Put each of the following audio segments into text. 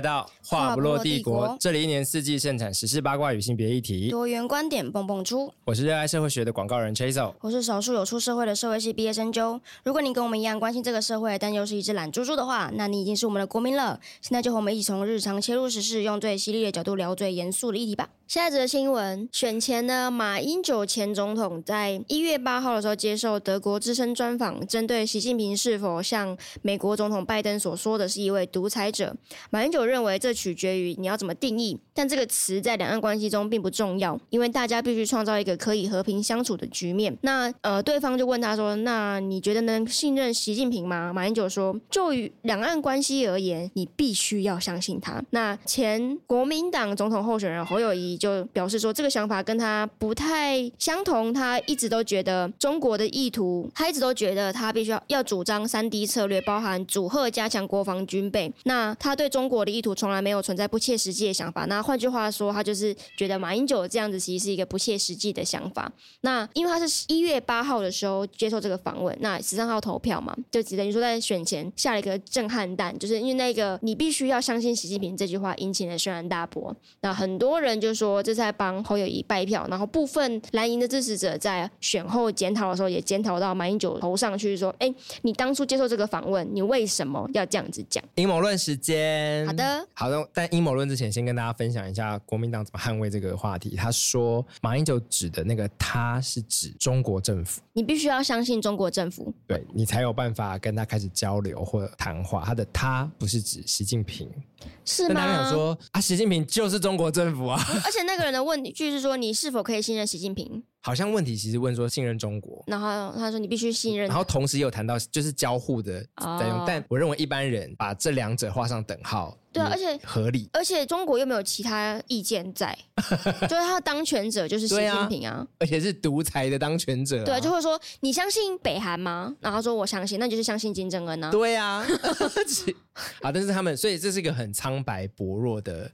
來到。話不落帝國，帝國這裡一年四季盛產時事八卦與性別議題，多元觀點蹦蹦出。我是熱愛社會學的廣告人 Chazle，我是少數有出社會的社會系畢業生 Joe。如果你跟我們一樣關心這個社會，但又是一隻懶豬豬的話，那你已經是我們的國民了。現在就和我們一起從日常切入時事，用最犀利的角度聊最嚴肅的議題吧。下一則新聞，選前呢，馬英九前總統在一月八號的時候接受德國之聲專訪，針對習近平是否像美國總統拜登所說的是一位獨裁者，馬英九認為這。取決於你要怎麼定義。但這個詞在兩岸關係中並不重要，因為大家必須創造一個可以和平相處的局面。那呃，對方就問他說：“那你覺得能信任習近平嗎？”馬英九說：“就與兩岸關係而言，你必須要相信他。”那前國民黨總統候選人侯友宜就表示說：“這個想法跟他不太相同，他一直都覺得中國的意圖，他一直都覺得他必須要要主張三 D 策略，包含阻嚇、加強國防、軍備。那他對中國的意圖從來沒有存在不切實際的想法。”那換句話說，他就是覺得馬英九這樣子其實是一個不切實際的想法。那因為他是一月八號的時候接受這個訪問，那十三號投票嘛，就等於說在選前下了一個震撼彈，就是因為那個你必須要相信習近平這句話引起了軒然大波。那很多人就說這是在幫侯友宜拜票，然後部分藍營的支持者在選後檢討的時候也檢討到馬英九頭上去，說：“哎，你當初接受這個訪問，你為什麼要這樣子講？”陰謀論時間，好的，好的。但陰謀論之前先跟大家分享。講一下國民黨怎麼捍衛這個話題。他說馬英九指的那個他是指中國政府，你必須要相信中國政府，對你才有辦法跟他開始交流或談話。他的他不是指習近平，是嗎？他想說啊，習近平就是中國政府啊。而且那個人的問題是說，你是否可以信任習近平？好像問題其實問說信任中國。然後他說你必須信任，然後同時有談到就是交互的在用，哦、但我認為一般人把這兩者畫上等號。對、啊，而且合理，而且中國又沒有其他意見在， 就是他的當權者就是習近平啊，啊，而且是獨裁的當權者、啊，對、啊，就會說你相信北韓嗎？然後說我相信，那就是相信金正恩呢、啊？對啊， 啊，但是他們，所以這是一個很蒼白薄弱的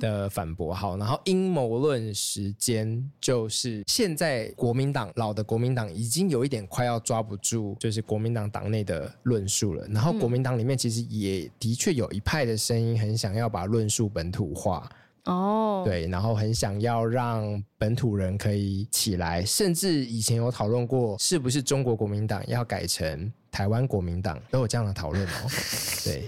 的反駁。好。嗯、然後陰謀論時間就是現在，國民黨老的國民黨已經有一點快要抓不住，就是國民黨黨內的論述了。然後國民黨裡面其實也的確有一派的聲音很。很想要把論述本土化哦，oh. 對，然後很想要讓本土人可以起來，甚至以前有討論過是不是中國國民黨要改成台灣國民黨，都有這樣的討論哦。 對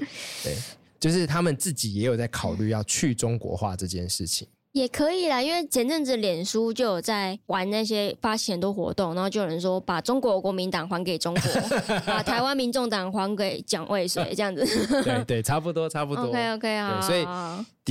對，就是他們自己也有在考慮要去中國化這件事情。也可以啦，因為前陣子臉書就有在玩那些發起很多活動，然後就有人說把中國國民黨還給中國， 把台灣民眾黨還給蔣渭水這樣子 對。對對，差不多差不多。OK OK，啊。所以。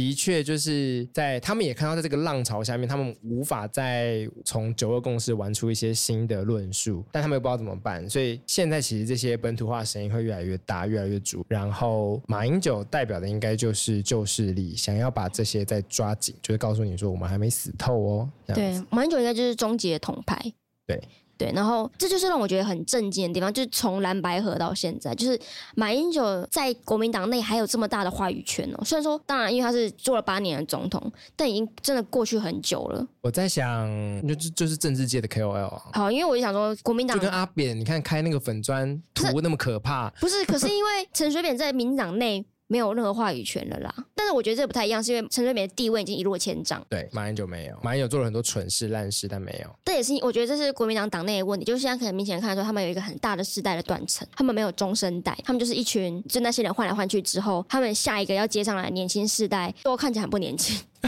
的確，就是在他們也看到，在這個浪潮下面，他們無法再從九二共識玩出一些新的論述，但他們又不知道怎麼辦，所以現在其實這些本土化聲音會越來越大，越來越足。然後馬英九代表的應該就是舊勢力，想要把這些再抓緊，就是告訴你說我們還沒死透哦。對，馬英九應該就是終極的銅牌。對。對，然後這就是讓我覺得很震驚的地方，就是從藍白合到現在，就是馬英九在國民黨內還有這麼大的話語權哦。雖然說，當然因為他是做了八年的總統，但已經真的過去很久了。我在想，就是、就是政治界的 KOL，啊。好，因為我就想說，國民黨就跟阿扁，你看開那個粉專圖那麼可怕可，不是？可是因為陳水扁在民黨內。 沒有任何話語權了啦，但是我覺得這不太一樣，是因為陳水扁的地位已經一落千丈。對，馬英九沒有，馬英九做了很多蠢事爛事，但沒有。但也是我覺得這是國民黨黨內的問題，就是現在可能明顯看來說他們有一個很大的世代的斷層，他們沒有中生代，他們就是一群就那些人換來換去之後，他們下一個要接上來年輕世代，都看起來很不年輕。對，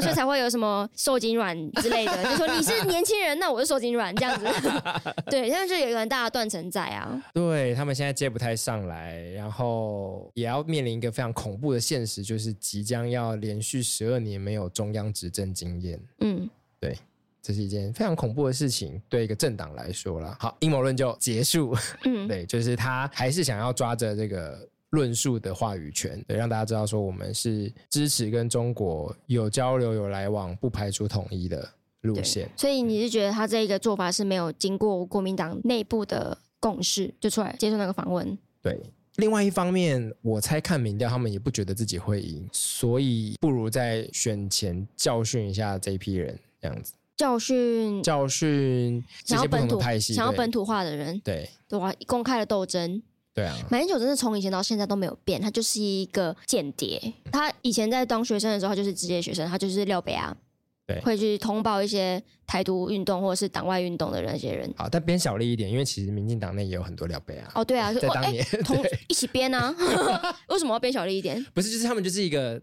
所以 才會有什麼受精卵之類的， 就說你是年輕人，那我是受精卵這樣子。 對，現在就有一個很大的斷層在啊，對他們現在接不太上來，然後也要面臨一個非常恐怖的現實，就是即將要連續十二年沒有中央執政經驗。嗯，對，這是一件非常恐怖的事情，對一個政黨來說啦。好，陰謀論就結束。嗯， 對，就是他還是想要抓着這個。論述的話語權，對，讓大家知道說我們是支持跟中國有交流有來往，不排除統一的路線。所以你是覺得他這一個做法是沒有經過國民黨內部的共識就出來接受那個訪問？對。另外一方面，我猜看民調，他們也不覺得自己會贏，所以不如在選前教訓一下這一批人，這樣子。教訓教訓不同的，想要本土派系，對想要本土化的人，對對，對，公開的鬥爭。對啊，馬英九真的從以前到現在都沒有變，他就是一個間諜。他以前在當學生的時候，他就是職業學生，他就是廖柏啊，對，會去通報一些台獨運動或者是黨外運動的那些人。好，但編小力一點，因為其實民進黨內也有很多廖柏啊。哦，對啊，在當年、哦欸、對同一起編啊。 為什麼要編小力一點？不是，就是他們就是一個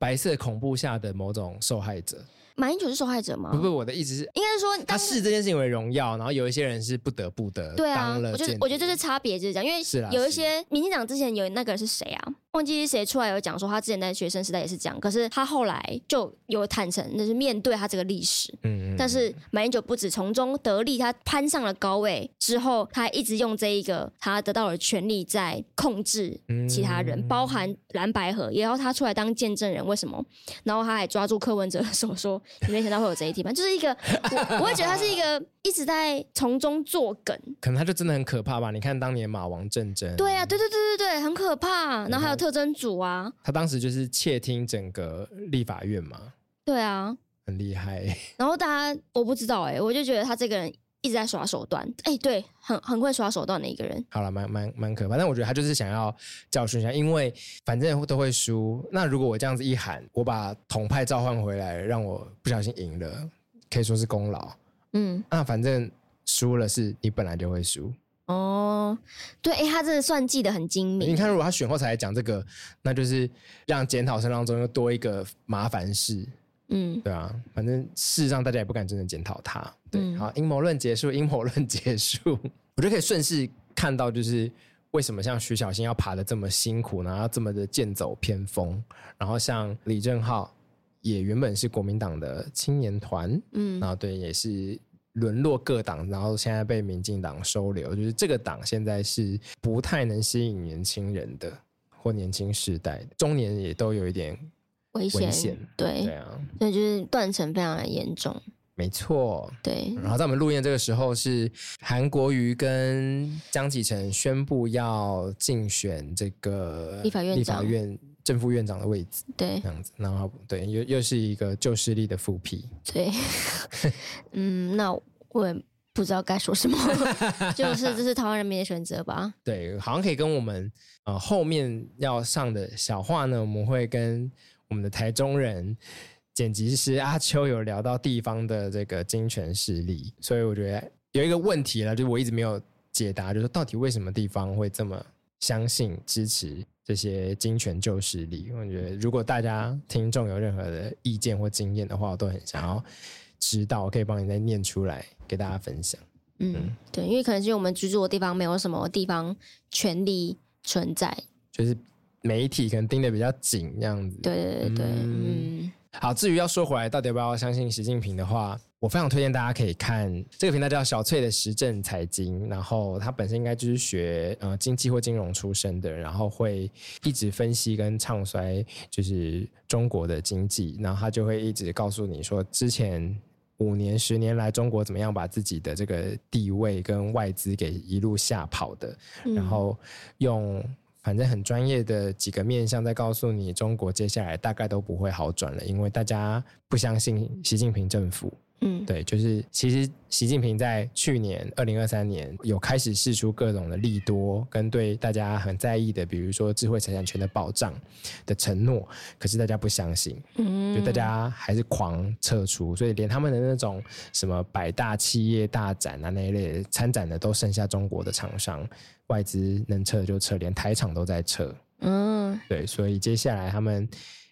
白色恐怖下的某種受害者。馬英九是受害者嗎？不不，我的意思是，應該是說是他視這件事情為榮耀，然後有一些人是不得不得。對啊，我覺得我覺得這是差別，就是這樣，因為有一些是，啊、是民進黨之前有那個是誰啊？忘記誰出來有講說他之前在學生時代也是這樣，可是他後來就有坦誠，那，就是面對他這個歷史。嗯嗯。但是馬英九不止從中得利，他攀上了高位之後，他還一直用這一個他得到了權利在控制其他人，嗯嗯嗯，包含藍白核也要他出來當見證人，為什麼？然後他還抓住柯文哲的手說。 你沒想到會有這一題嗎？就是一個，我我會覺得他是一個一直在從中作梗，可能他就真的很可怕吧。你看當年馬王政爭，對啊，對對對對對，很可怕。對然後還有特偵組啊，他當時就是竊聽整個立法院嘛，對啊，很厲害、欸。然後大家我不知道哎、欸，我就覺得他這個人。一直在耍手段，哎、欸，對，很很會耍手段的一個人。好了，蠻蠻蠻可怕。但我覺得他就是想要教訓一下，因為反正都會輸。那如果我這樣子一喊，我把統派召喚回來，讓我不小心贏了，可以說是功勞。嗯，那反正輸了是你本來就會輸。哦，對，哎、欸，他真的算計的很精明。你看，如果他選後才來講這個，那就是讓檢討生當中又多一個麻煩事。嗯，對啊，反正事實上大家也不敢真正檢討他。對，好、嗯，陰謀論結束，陰謀論結束，我就可以順勢看到，就是為什麼像徐巧芯要爬得這麼辛苦，然後這麼的劍走偏鋒？然後像李正皓也原本是國民黨的青年團，嗯，然後對，也是淪落各黨，然後現在被民進黨收留。就是這個黨現在是不太能吸引年輕人的，或年輕世代，中年也都有一點。危險，危險對，對啊，所以就是斷層非常的嚴重，沒錯，對。然後在我們錄音這個時候，是韓國瑜跟江啟臣宣布要競選這個立法院長立正副院、院長的位置，對，這樣子，然後對又又是一個舊勢力的復辟，對， 嗯，那我也不知道該說什麼， 就是這是台灣人民的選擇吧？對，好像可以跟我們啊、呃、後面要上的小話呢，我們會跟。我們的台中人剪輯師阿秋有聊到地方的這個金權勢力，所以我覺得有一個問題了，就是我一直沒有解答，就是到底為什麼地方會這麼相信支持這些金權舊勢力？我覺得如果大家聽眾有任何的意見或經驗的話，我都很想要知道，我可以幫你再念出來給大家分享。嗯，嗯對，因為可能是因為我們居住的地方沒有什麼地方權力存在，就是。媒體可能盯得比較緊，這樣子。對對嗯。好，至於要說回來，到底要不要相信習近平的話，我非常推薦大家可以看這個頻道，叫小翠的時政財經。然後他本身應該就是學呃經濟或金融出身的，然後會一直分析跟唱衰就是中國的經濟。然後他就會一直告訴你說，之前五年、十年來，中國怎麼樣把自己的這個地位跟外資給一路嚇跑的，然後用。反正很專業的幾個面向在告訴你，中國接下來大概都不會好轉了，因為大家不相信習近平政府。嗯，對，就是其實習近平在去年二零二三年有開始釋出各種的利多，跟對大家很在意的，比如說智慧財產權的保障的承諾，可是大家不相信，嗯，就大家還是狂撤出，嗯、所以連他們的那種什麼百大企業大展啊那一類參展的都剩下中國的廠商，外資能撤就撤，連台廠都在撤，嗯、哦，對，所以接下來他們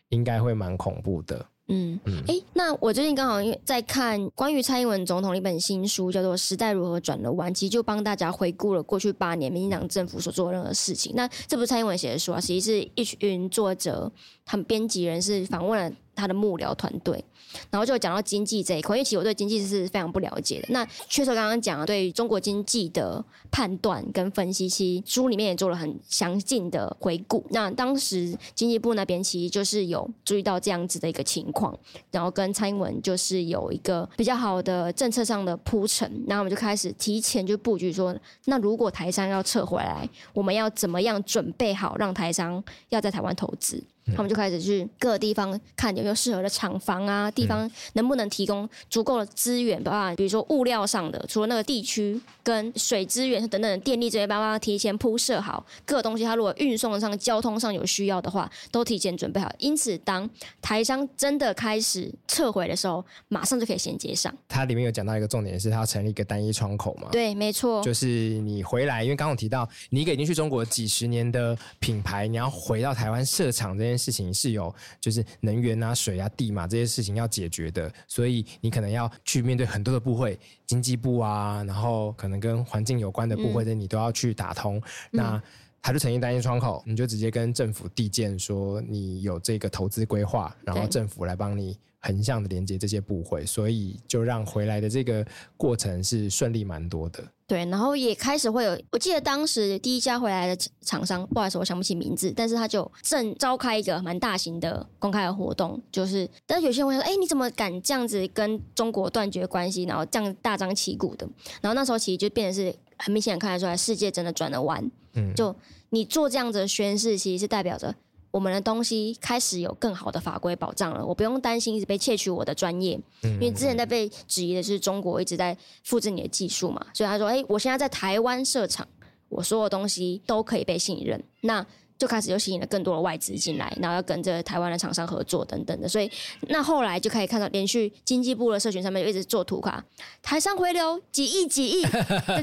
應該會蠻恐怖的。嗯，誒，那我最近剛好在看關於蔡英文總統的一本新書，叫做《時代如何轉了彎》，其實就幫大家回顧了過去八年民進黨政府所做的任何事情。那這不是蔡英文寫的書啊，其實是一群作者，他們編輯人士訪問了。他的幕僚團隊，然後就講到經濟這一塊，因為其實我對經濟是非常不了解的。那確實剛剛講了對於中國經濟的判斷跟分析期，期書裡面也做了很詳盡的回顧。那當時經濟部那邊其實就是有注意到這樣子的一個情況，然後跟蔡英文就是有一個比較好的政策上的鋪陳，那我們就開始提前就布局說，那如果台商要撤回來，我們要怎麼樣準備好，讓台商要在台灣投資。他們就開始去各個地方看有沒有適合的廠房啊，地方能不能提供足夠的資源吧。包括比如說物料上的，除了那個地區跟水資源等等電力這些，包括提前鋪設好各東西。他如果運送上交通上有需要的話，都提前準備好。因此，當台商真的開始撤回的時候，馬上就可以銜接上。它裡面有講到一個重點是，它要成立一個單一窗口嘛？對，沒錯，就是你回來，因為剛剛我提到你一個已經去中國幾十年的品牌，你要回到台灣設廠這些。事情是有，就是能源啊、水啊、地嘛，這些事情要解決的，所以你可能要去面對很多的部會，經濟部啊，然後可能跟環境有關的部會的，你都要去打通。嗯、那還是成立單一窗口，你就直接跟政府遞件說你有這個投資規劃，然後政府來幫你橫向的連接這些部會。對所以就讓回來的這個過程是順利蠻多的。對，然後也開始會有，我記得當時第一家回來的廠商，不好意思，我想不起名字，但是他就正召開一個蠻大型的公開的活動，就是，但是有些人會說，哎、欸，你怎麼敢這樣子跟中國斷絕關係，然後這樣大張旗鼓的？然後那時候其實就變得是很明顯的看得出來，世界真的轉了彎。就你做這樣子的宣示，其實是代表着我們的東西開始有更好的法規保障了。我不用擔心一直被竊取我的專業，因為之前在被質疑的是中國一直在複製你的技術嘛，所以他說，哎、欸，我現在在台灣設廠，我所有東西都可以被信任。那。就開始就吸引了更多的外資進來，然後要跟這台灣的廠商合作等等的。所以那後來就可以看到連續經濟部的社群上面一直做圖卡，台商回流幾億幾億，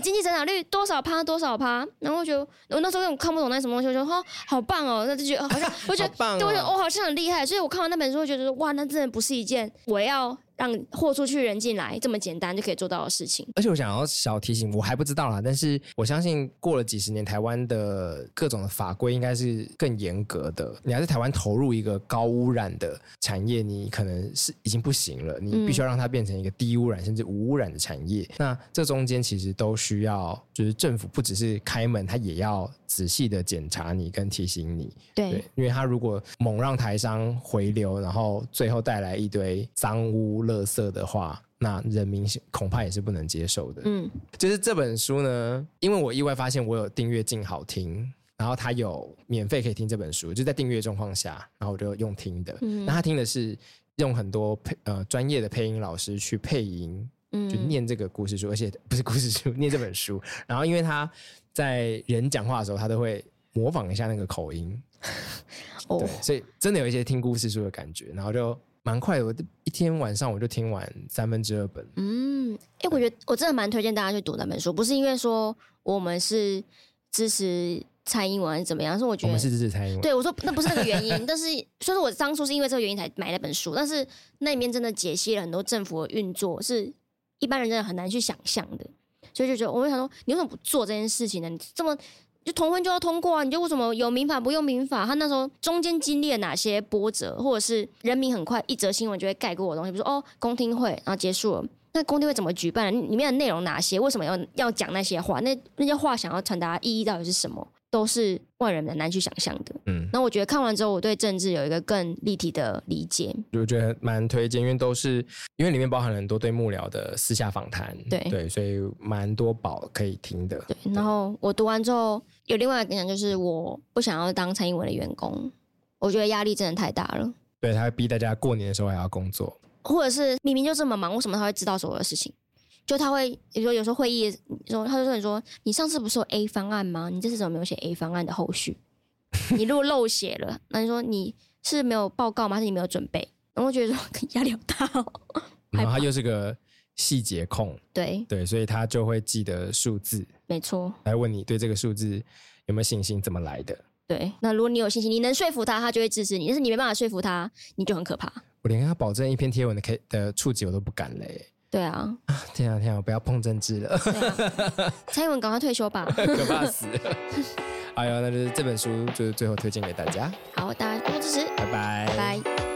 經濟增長率多少趴多少趴，然後我就我那時候那看不懂那什麼東西，我就說哈、哦、好棒哦，那就覺得好像我覺得好、哦、對我我、哦、好像很厲害，所以我看完那本書，我覺得說哇，那真的不是一件我要。讓貨出去，人進來，這麼簡單就可以做到的事情。而且我想要小提醒，我還不知道啦，但是我相信過了幾十年，台灣的各種的法規應該是更嚴格的。你還在台灣投入一個高污染的產業，你可能是已經不行了，你必須要讓它變成一個低污染甚至無污染的產業。嗯、那這中間其實都需要，就是政府不只是開門，他也要仔細的檢查你跟提醒你。對，對，因為他如果猛讓台商回流，然後最後帶來一堆髒污。惡色，色的話，那人民恐怕也是不能接受的。嗯，就是這本書呢，因為我意外發現我有訂閱“鏡好聽”，然後他有免費可以聽這本書，就在訂閱狀況下，然後我就用聽的。嗯，那他聽的是用很多配呃專業的配音老師去配音，嗯，就念這個故事書，而且不是故事書，念這本書。然後，因為他在人講話的時候，他都會模仿一下那個口音，哦對，所以真的有一些聽故事書的感覺，然後就。蠻快的，我一天晚上我就聽完三分之二本。嗯，哎、欸，我覺得我真的蠻推薦大家去讀那本書，不是因為說我們是支持蔡英文怎麼樣，是我覺得我們是支持蔡英文。對，我說那不是那個原因， 但是所以說我當初是因為這個原因才買了那本書，但是那裡面真的解析了很多政府的運作，是一般人真的很難去想象的，所以就覺得我會想說，你為什麼不做這件事情呢？你這麼。就同婚就要通過啊，你就為什麼有民法不用民法？他那時候中間經歷了哪些波折，或者是人民很快一則新聞就會蓋過的東西，比如說哦，公聽會，然後結束了，那公聽會怎麼舉辦？裡面的內容哪些？為什麼要要講那些話？那那些話想要傳達的意義到底是什麼？都是外人蠻難去想象的。嗯，那我覺得看完之後，我對政治有一個更立體的理解。我覺得蠻推薦，因為都是因為裡面包含了很多對幕僚的私下訪談，對對，所以蠻多寶可以聽的。對，然後我讀完之後對有另外一個感想，就是我不想要當蔡英文的員工，我覺得壓力真的太大了。對，他會逼大家過年的時候還要工作，或者是明明就這麼忙，為什麼他會知道所有的事情？就他會，比如說有時候會議，說他就說你說你上次不是有 A 方案嗎？你這次怎麼沒有寫 A 方案的後續？你如果漏寫了，那 你說你是沒有報告嗎？還是你沒有準備？然後覺得說壓力好大哦，然後他又是個細節控，對對，所以他就會記得數字，沒錯。來問你對這個數字有沒有信心，怎麼來的？對，那如果你有信心，你能說服他，他就會支持你，但是你沒辦法說服他，你就很可怕。我連跟他保證一篇貼文的 K 的觸及我都不敢嘞。對啊，啊，天啊天啊，我不要碰政治了。啊、蔡英文趕快退休吧， 可怕死！哎呀，那就是這本書，就是最後推薦給大家。好，大家多多支持，拜拜拜。拜拜。